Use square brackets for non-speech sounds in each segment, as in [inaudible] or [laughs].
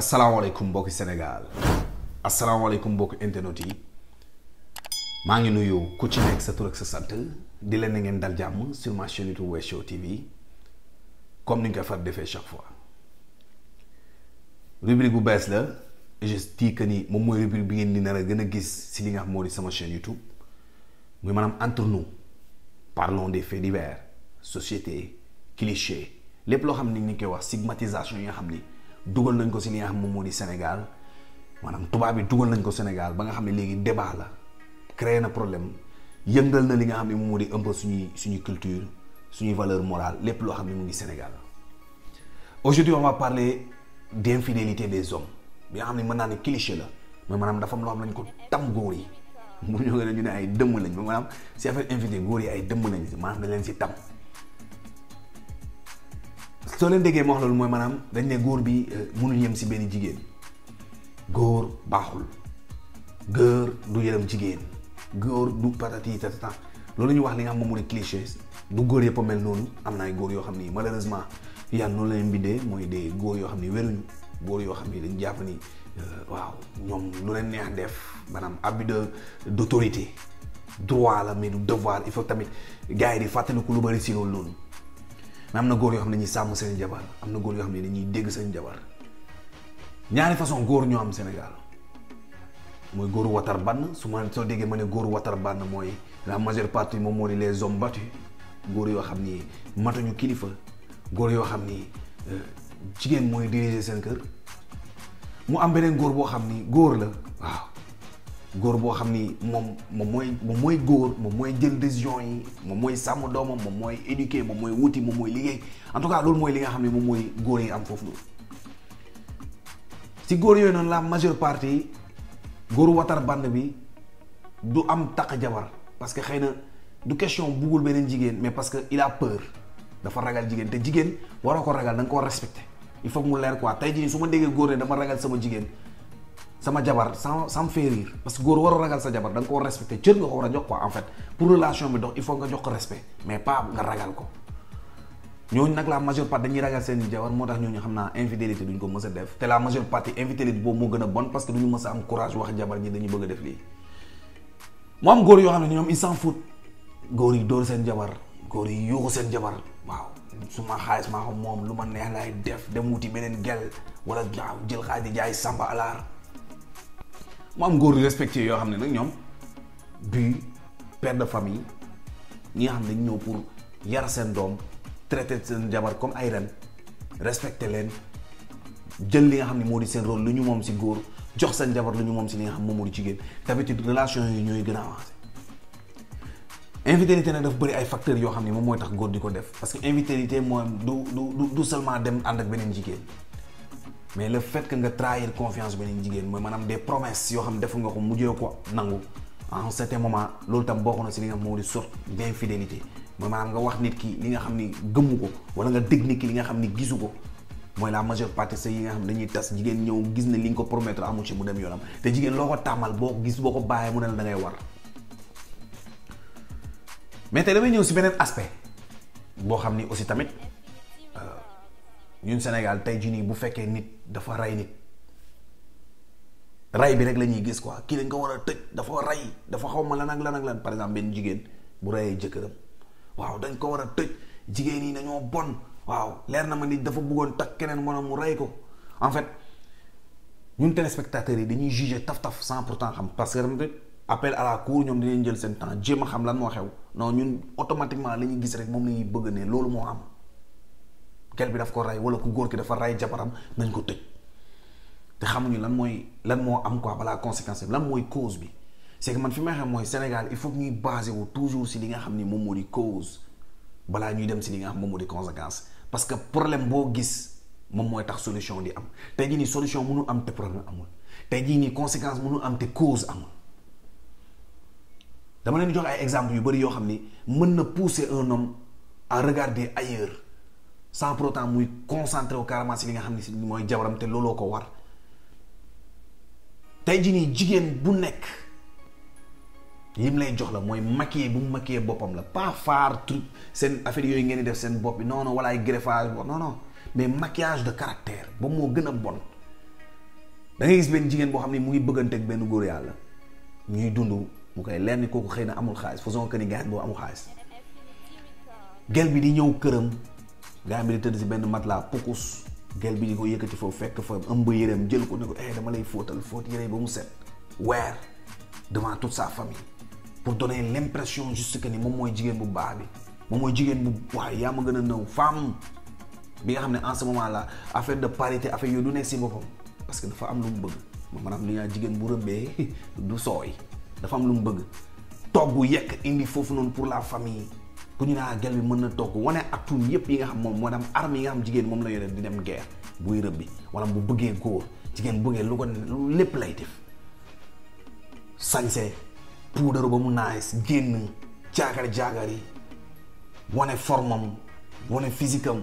asalaamaaleykum mbokki Sénégal asalaamaaleykum mbokki internet yi maa ngi nuyu ku ci nekk sa tur ak sa sant di leen na ngeen dal jàmm sur ma chaîne YouTube Wes TV comme ni ñu ko far defee chaque fois rubrique bu bees la je dis que ni moom mooy rubrique bi ngeen di nar a gën a gis si li nga xam moo di sama chaîne YouTube muy maanaam entre nous parlons des faits divers société cliché lépp loo xam ni ñu koy wax stigmatisation yi nga xam ni. dugal nañ ko si li nga xam moom moo di Sénégal maanaam tubaab yi dugal nañ ko Sénégal ba nga xam ne léegi débat la créé na problème yëngal na li nga xam ne moom moo di un peu suñuy suñuy culture suñuy valeur morale lépp loo xam ne mu ngi Sénégal aujourd'hui on va parler d'infidélité des hommes bi nga xam ne mën naa ne cliché la mais maanaam dafa am loo xam ne lañ ko tam góor yi [laughs] mu ñoo gën a ñu ne ay dëmm lañ maanaam si affaire infidélité góor yi ay dëmm lañ maanaam dañ leen si tam soo leen déggee moo wax loolu mooy maanaam dañ ne góor bi euh, mënul yem si benn jigéen góor baaxul góor du yërëm jigéen góor du patati tatata loolu ñu wax li nga xam moom mooy cliché du góor yëpp a mel noonu am na ay góor yoo xam ni malheureusement yàlla noonu la leen bindee mooy des góor yoo xam ni wéruñu góor yoo xam ni dañ jàpp ni euh, waaw ñoom lu leen neex def maanaam abus de d'autorité droit la mais du devoir il faut tamit gars yi di fàttaliku lu bari si loolu noonu. mais am na góor yoo xam ne ñuy sàmm seen jabar am na góor yoo xam ne dañuy dégg seen jabar ñaari façon góor ñoo am Sénégal mooy góor watar bann su ma soo déggee ma ne góor watar bann mooy la majeure partie moom moo di les hommes battus góor yoo xam ni matuñu kilifa góor yoo xam ni euh, jigéen mooy diriger seen kër mu am beneen góor boo xam ni góor la waaw góor boo xam ni moom moom mooy moom mooy góor moom mooy jël décision yi moom mooy sàmm doomam moom mooy éduquer moom mooy wuti moom mooy liggéey en tout cas loolu mooy li nga xam ne moom mooy góor yi am foofu si góor yooyu noonu laa majeure partie góoru watar band bi du am takk jabar parce que xëy na du question buggul beneen jigéen mais parce que il a peur dafa ragal jigéen te jigéen waroo ko ragal da nga ko respecté il faut mu leer quoi tey jii su ma déggee góor ne dama ragal sama jigéen sama jabar sans sans faire rire parce que góor waroo ragal sa jabar da nga ko war respecté cër nga ko war a jox quoi en pour relation bi dox il faut nga jox ko respect mais pas nga ragal ko ñooñu nag la majeure partie dañuy ragal seen jabar moo tax ñooñu xam naa infidélité duñ ko mës a def te la majeure partie infidélité boobu moo gën a bon parce que duñu mës a am courage wax jabar ñi dañuy bëgg a def lii mu am góor yoo xam ne ñoom ils s'en foutent góor yi dóor seen jabar góor yi yuuxu seen jabar waaw su ma xaalis maa ko moom lu ma neex laay def dem wuti beneen gel wala jël xaalis di jaay samba alaar mu am góor respecté yoo xam ne nag ñoom bu per de famille ñi nga xam ne dañ ñëw pour yar seen doom traité seen jabar comme ay ren respecté leen jël li nga xam ne moo di seen rôle lu ñu moom si góor jox seen jabar lu ñu moom si li nga xam moom moo di jigéen d'habitude relation yi ñooy gën a avancé infidélité nag daf bëri ay facteurs yoo xam ne moom mooy tax góor di ko def parce que infidélité mooy du du du seulement dem ànd ak beneen jigéen mais la fait que nga trahir confiance beneen jigéen mooy maanaam des promesses yoo xam def nga ko mujjee ko nangu en certain moment loolu tam bokk na si li xam wax nit ki li nga xam ni gëmu ko wala nga dégg nit nga xam ni gisu ko mooy la majeure partie sa yi nga xam dañuy tas jigéen ñëw gis ne li nga ko promettre amu ci mu dem yoonam te jigéen loo ko tàmmal boo ko gis boo ko bàyyee mu ne la da ngay war mais tey damay ñëw si beneen aspect boo xam ni aussi tamit ñun Sénégal tey jii nii bu fekkee nit dafa ray nit rey bi rek la ñuy gis quoi kii dañ ko war a tëj dafa ray dafa xaw ma lan ak lan ak lan par exemple benn jigéen bu reyee jëkkëram waaw dañ ko war a tëj jigéen yi dañoo bon waaw leer na ma nit dafa bëggoon takk keneen mën mu rey ko en fait ñun téléspectateurs yi dañuy juger taf taf sans pourtant xam parce que appel à la cour ñoom dinañ jël seen temps jéem a xam lan moo xew non ñun automatiquement la ñuy gis rek moom la ñuy bëgg ne loolu moo am. gel bi daf ko ray wala ku góor ki dafa ray jabaram nañ ko tëj te xamuñu lan mooy lan moo am quoi balaa conséquence lan mooy cause bi c'est man fi may xam mooy Sénégal il faut que ñuy basé wu toujours si li nga xam ni moom moo di cause balaa ñuy dem si li nga xam moom moo di conséquence parce que problème boo gis moom mooy tax solution di am tey jii nii solution mënu am te problème amul tey jii nii conséquence munu am te cause amul dama leen jox ay exemple yu bëri yoo xam ni mën na pousser un homme à regarder ailleurs sans pour autant muy concentré wu carrément si li nga xam ne si mooy jabaram te looloo ko war tey jii nii jigéen bu nekk lim lay jox la mooy maquillé bu mu maquillé boppam la pas faar truc seen affaire yooyu ngeen di def seen bopp bi non non wala ay greffage non non mais maquillage de caractère ba moo gën a bon dangay gis benn jigéen boo xam ne mu ngi bëgganteeg benn góor yàlla ñuy dund mu koy leer ni kooku xëy na amul xaalis façon que ni gars boo amul xaalis gel di ñëw këram. gars bi di tëdd si benn matelas pukus gel bi di ko yëkkati foofu fekk fa ëmb yëreem jël ko ne ko eh dama lay fóotal fóot yëre ba mu set weer devant toute sa famille pour donner l'impression juste que moom mooy jigéen bu baax bi moom mooy jigéen bu waaye yaa ma gën a nëw femme bi nga xam ne en ce moment là affaire de parité affaire yooyu du nekk si boppam parce que dafa am lu mu bëgg maanaam li ñu jigéen bu rëbbee [laughs] du sooy dafa am lu mu bëgg togg yekk indi foofu noonu pour la famille ku ñu naa gel bi mën na togg wane atum yépp yi nga xam moom moo dam arme yi nga xam jigéen moom buy rëbbi wala bu bëggee góor jigéen bëggee lu ko lépp lay def sañse ba mu naagis génn jaagar-jaagar yi wane formam wane physique am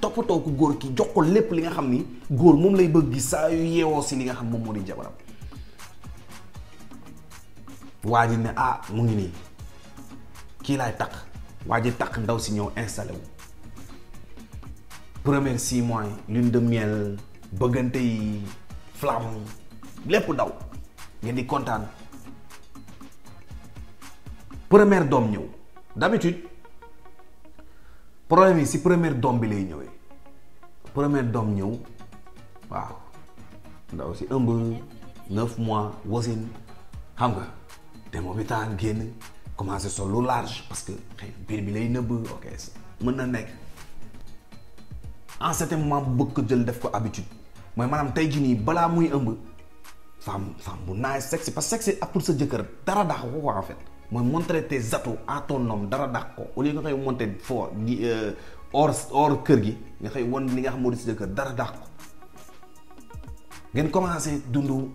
góor ki jox lépp li nga xam ni góor moom lay bëgg saa yu yeewoo si li moom moo di jabaram waa ji ah mu ngi nii kii laay takk waa ji takk ndaw si ñëw installé wu première six mois lune de miel bëggante yi flamme lépp daw ngeen di kontaan première doom ñëw d'habitude problème yi si première doom bi lay ñëwee première doom ñëw waaw ndaw si ëmb neuf mois wasin xam nga dem hôpital génn commencé sol lu large parce que biir bi lay nëbb ok mën na nekk en certain moment bu bëgg ko jël def ko habitude mooy maanaam tey jii nii balaa muy ëmb femme femme bu naay sexy parce que sexy ak pour sa jëkkër dara daax ko quoi en fait mooy montrer tes atouts à ton dara daax ko au lieu nga koy monter foo di euh, hors hors kër gi nga xëy won li nga xam moo di sa jëkkër dara daax ko ngeen commencé dund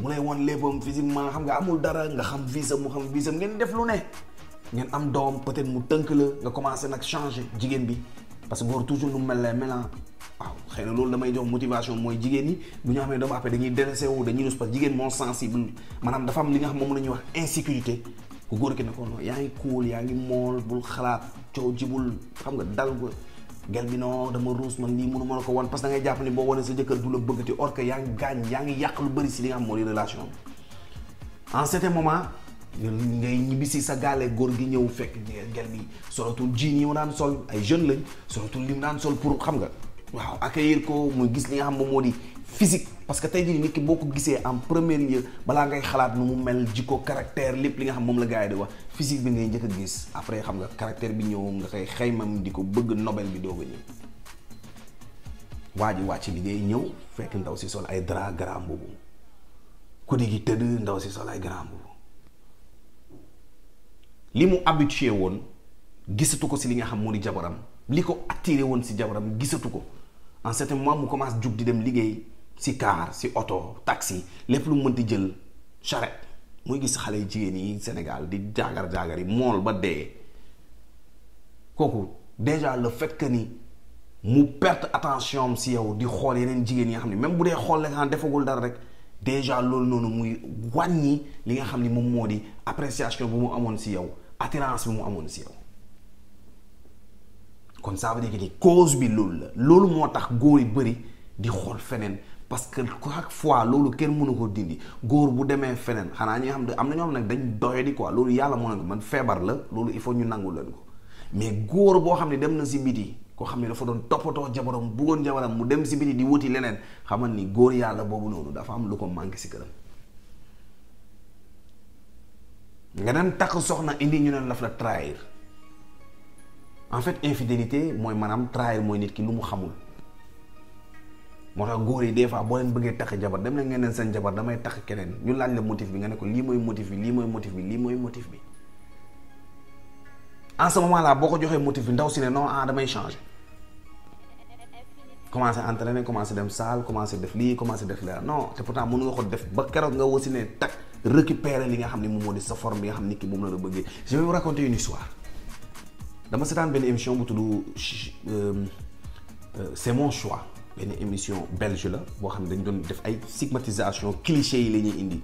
mu lay wan léppam physiquement xam nga amul dara nga xam visam mu xam visam ngeen def lu ne ngeen am doom peut-être mu tënk la nga commencé nag changer jigéen bi parce que góor toujours nu mel lay melan waaw xëy na loolu damay jox motivation mooy jigéen ñi bu ñu xamee doom après dañuy dressé wu dañuy rus parce que jigéen moo sensible maanaam dafa am li nga xam moom la ñuy wax insécurité ku góor ki ne ko non yaa ngi cool yaa ngi mool bul xalaat coow jibul xam nga dal ko gel bi non dama ruus man lii mënu ma la ko wan parce que da ngay jàpp ni boo wane sa jëkkër du la bëggati or que yaa ngi gaañ yaa ngi yàq lu bëri si li nga xam moo di relation bi en certain moment ngay ñibbi si sa gaale góor gi ñëw fekk gel bi solatul jean yi mu daan sol ay jeune lañ solatul li mu daan sol pour xam nga waaw accueillir ko muy gis li nga xam moom moo di physique parce que tey jii nit ki boo ko gisee en premier lieu balaa ngay xalaat nu mu mel jikko caractère lépp li nga xam moom la gars yi wax physique bi ngay njëkk a gis après xam nga caractère bi ñëw nga koy xaymam di ko bëgg nobel bi doog a ñëw waa ji wàcc liggéey ñëw fekk ndaw si sol ay dra grand boobu ku di gi tëdd ndaw si sol ay grand boobu li mu habitué woon gisatu ko si li nga xam moo ni jabaram li ko attiré woon si jabaram gisatu ko en certain moment mu commence jug di dem liggéey si car si oto taksi lépp lu mu mënti jël charrette muy gis xale yi jigéen yi Sénégal di jaagar jaagar yi mool ba dee kooku déjà le fekk ni mu perte attention si yow di xool yeneen jigéen yi nga xam ne même bu dee xool la nga defagul dara rek déjà loolu noonu muy wàññi li nga xam ni moom moo di appréciation bu mu amoon si yow attirance bi mu amoon si yow kon ça veut dire que ni cause bi loolu la loolu moo tax góor bari di xool feneen parce que chaque fois loolu kenn mënu ko dindi góor bu demee feneen xanaa ñi xam ne am na ñoo xam nag dañ doye di quoi loolu yàlla moo ne man feebar la loolu il faut ñu nangu leen ko mais góor boo xam ne dem na si biti koo xam ne dafa doon toppatoo jabaram bëggoon jabaram mu dem si biti di wuti leneen xamal ni góor yàlla boobu noonu dafa am lu ko manqué si këram. nga dem takk soxna indi ñu ne laf la trahir en fait infidélité mooy maanaam trahir mooy nit ki lu mu xamul. moo tax góor yi des boo leen bëggee takk jabar dem leen ngeen neen seen jabar damay takk keneen ñu laaj la motif bi nga ne ko lii mooy motif bi lii mooy motif bi lii mooy boo ko joxee motif bi ndaw si ne no ah damay change changer commencé entraîner commencé dem salle commencé def lii commencé def laa non te pourtant mënu nga ko def ba keroog nga wasi ne takk récupérer li nga xam ne moom moo di sa forme bi nga xam ni ki moom la la bëggee je vais vous raconter une histoire dama seetaan benn émission bu tudd euh, euh, c'est mon choix benn émission belge la boo xam ne dañu doon def ay stigmatisation cliché yi la ñuy indi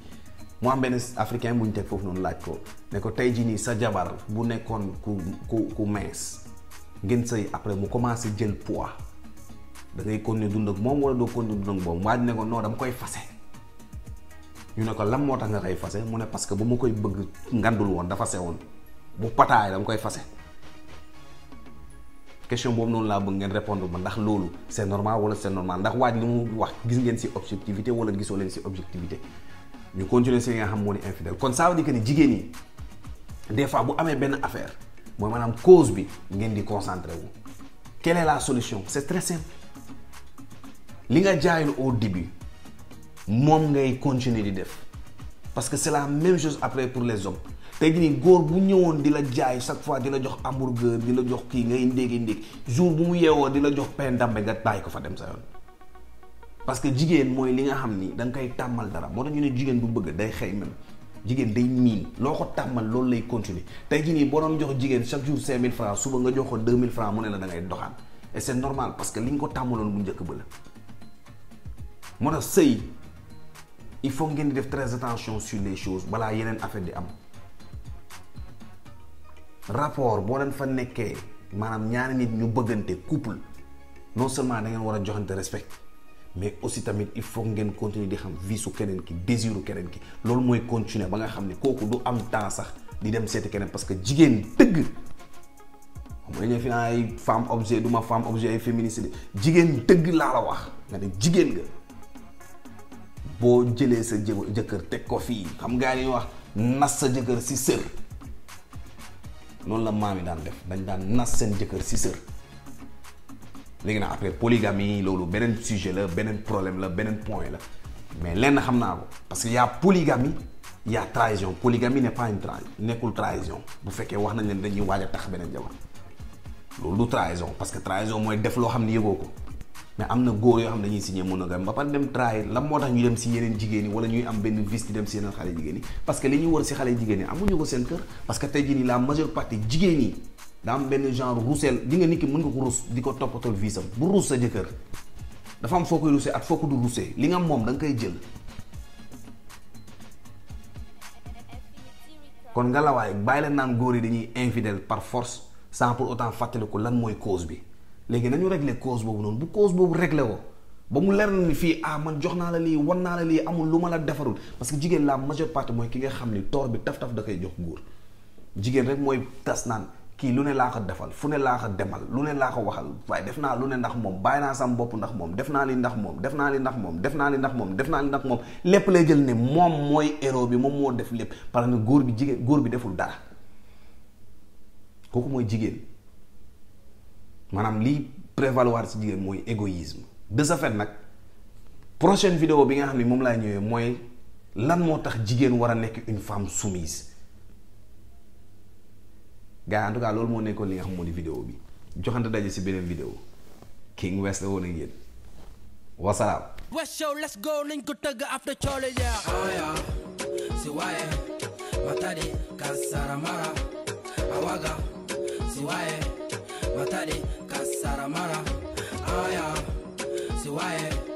moo am benn africain bu ñu teg foofu noonu laaj ko ne ko tey jii nii sa jabar bu nekkoon ku ku ku mince ngeen sëy après mu commencé jël poids da ngay continuer dund ak moom wala doo continuer dund ak moom waa ji ne dama koy fase ñu ne ko lam moo tax nga koy fase mu ne parce que bu ma koy bëgg ngandul woon dafa sewoon mu pataay dama koy fase question boobu noonu laa bëgg ngeen répondre ma ndax loolu c'est normal wala c'est normal ndax waaj li mu wax gis ngeen si objectivité wala gisoo leen ci objectivité ñu continuer ci li nga xam moo di infidèle kon ça veut dire que ni jigéen ñi des fois bu amee benn affaire mooy maanaam cause bi ngeen di concentré wu. quelle est la solution c'est très simple li nga jaayul au début moom ngay continuer di def parce que c'est la même chose après pour les hommes. tey jii góor bu ñëwoon di la jaay chaque fois di la jox hamburger di la jox kii ngay ndéegi ndéeg jour bu mu yeewoo di la jox pain dambe nga bàyyi ko fa dem sa yoon parce que jigéen mooy li nga xam ni da nga koy tàmmal dara moo tax ñu ne jigéen bu bëgg day xëy même jigéen day miin loo ko tàmmal loolu lay continuer tey jii nii boo doon jox jigéen chaque jour cinq mille francs suba nga jox ko deux mille francs mu ne la da ngay doxaan et c'est normal parce que li nga ko tàmmaloon bu njëkk ba la moo tax sëy il faut ngeen di def très attention sur les choses balaa yeneen affaire di am rapport boo leen fa nekkee maanaam ñaari nit ñu bëggante couple non seulement da ngeen war a joxante respect mais aussi tamit il faut ngeen continuer di xam vie su keneen ki désiru keneen ki loolu mooy continuer ba nga xam ne kooku du am temps sax di dem seeti keneen parce que jigéen dëgg mooy ñu fi ay femme objet du ma femme objet ay féministe jigéen dëgg laa la wax nga ne jigéen nga boo jëlee sa jëkkër teg ko fii xam ngaa ni wax nas sa jëkkër si noonu la maam yi daan def dañ daan nas seen jëkkër si sër léegi nag après polygamie loolu beneen sujet la beneen problème la beneen point la mais lenn xam naa ko parce que y' a polygamie y' a trahison polygamie n' est pas une trahison nekkul trahison bu fekkee wax nañ leen dañuy waaj a tax beneen jabar loolu du trahison parce que trahison mooy def loo xam ni yëgoo ko. mais am na góor yoo xam ne dañuy signé monogame ba pare dem trahir la moo tax ñu dem si yeneen jigéen ñi wala ñuy am benn vice di dem si yeneen xale jigéen ñi parce que li ñuy war si xale jigéen ñi ko seen kër parce que tey jii nii la majeure partie jigéen am benn genre ruuseel di nga nit ki mën nga ko ruus di ko toppatoo vice am bu ruus sa jëkkër dafa am foo koy ak foo du ruusee li nga moom da nga koy jël. kon nga la bàyyi la naan góor yi dañuy infidèle par force sans pour autant fàttaliku lan mooy cause bi. léegi nañu régler cause boobu noonu bu cause boobu régler ko ba mu leer na ni fii ah man jox naa la lii wan naa la lii amul lu ma la defarul parce que jigéen laa majeure partie mooy ki nga xam ni toor bi taf-taf da koy jox góor jigéen rek mooy tas naan kii lu ne laa ko defal fu ne laa ko demal lu ne laa ko waxal waaye def naa lu ne ndax moom bàyyi naa sam bopp ndax moom def naa li ndax moom def naa li ndax moom def naa li ndax moom def naa li ndax lépp lay jël ne moom mooy héros bi moom moo def lépp parce que góor bi jigéen góor bi deful dara kooku mooy jigéen maanaam lii prévaloir ci jigéen mooy égoïsme de ce fait nag prochaine vidéo bi nga xam ne moom laa ñëwee mooy lan moo tax jigéen war a nekk une femme soumise gars en loolu moo nekkoon li nga xam moo di vidéo bi joxante daje si beneen vidéo King West la woon ak yéen West Show let's go nañ ko tëgg after coole ya oh, si waaye matadi kasara awaga si waaye matadi Saramara, oh yeah, see why eh?